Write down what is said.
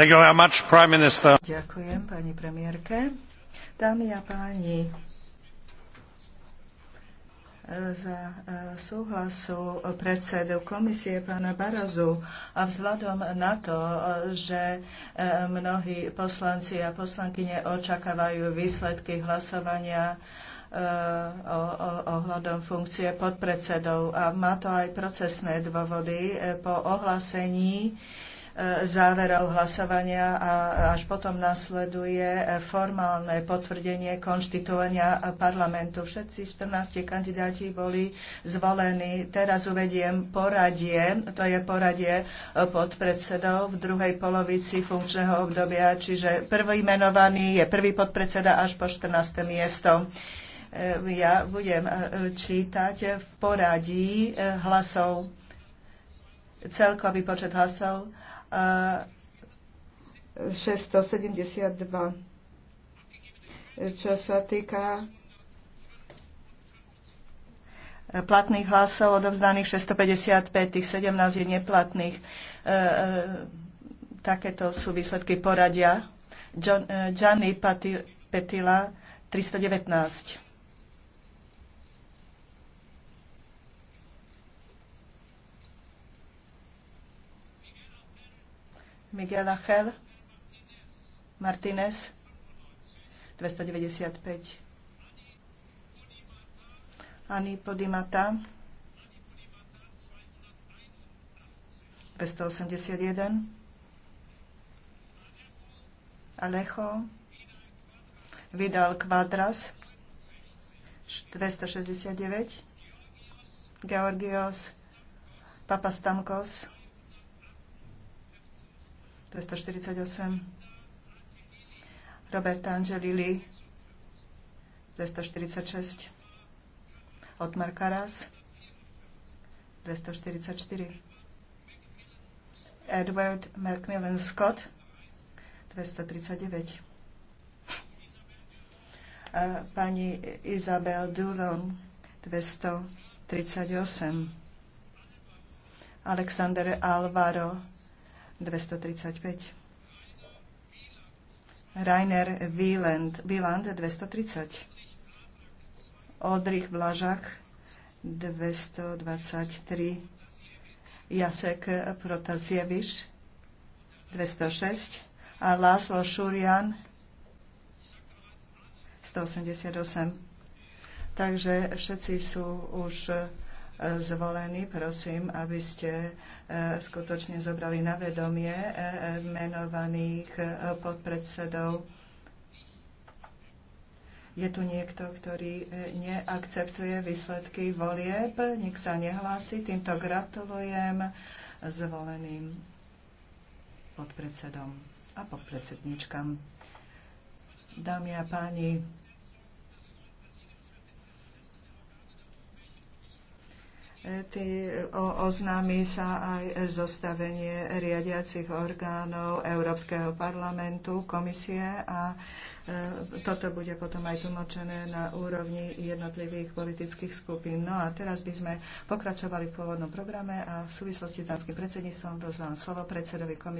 Ďakujem pani premiérke. Dámy a páni, za e, súhlasu predsedu komisie pána Barazu a vzhľadom na to, že e, mnohí poslanci a poslankyne očakávajú výsledky hlasovania e, ohľadom funkcie podpredsedov. A má to aj procesné dôvody. Po ohlásení E, záverov hlasovania a až potom nasleduje formálne potvrdenie konštituovania parlamentu. Všetci 14 kandidáti boli zvolení. Teraz uvediem poradie, to je poradie e, podpredsedov v druhej polovici funkčného obdobia, čiže prvý menovaný je prvý podpredseda až po 14. miesto e, ja budem čítať v poradí hlasov celkový počet hlasov 672. Eh, Čo sa týka eh, platných hlasov odovzdaných 655, tých 17 je neplatných. Eh, takéto sú výsledky poradia. Gianni Petila 319. Miguel Achel Martínez 295 Ani Podimata 281 Alejo Vidal Quadras 269 Georgios Papastamkos 248. Roberta Angelili 246. Otmar Karas 244. Edward Macmillan Scott 239 pani Izabel Duron 238 Alexander Alvaro 235. Rainer Wieland, Wieland 230. Odrich Blažak 223. Jasek Protasieviš 206 a Láslo Šurian 188. Takže všetci sú už zvolení, prosím, aby ste e, skutočne zobrali na vedomie e, e, menovaných podpredsedov. Je tu niekto, ktorý neakceptuje výsledky volieb, nik sa nehlási. Týmto gratulujem zvoleným podpredsedom a podpredsedničkám. Dámy a páni, Ty o, oznámi sa aj zostavenie riadiacich orgánov Európskeho parlamentu, komisie a e, toto bude potom aj tlmočené na úrovni jednotlivých politických skupín. No a teraz by sme pokračovali v pôvodnom programe a v súvislosti s dánskym predsedníctvom rozdávam slovo predsedovi komisie.